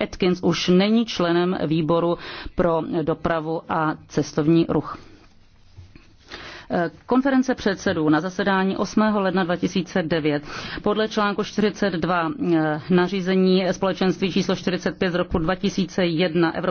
Atkins už není členem výboru pro dopravu a cestovní ruch. Eh, konference předsedů na zasedání 8. ledna 2009 podle článku 42 eh, nařízení společenství číslo 45 z roku 2001 Evropské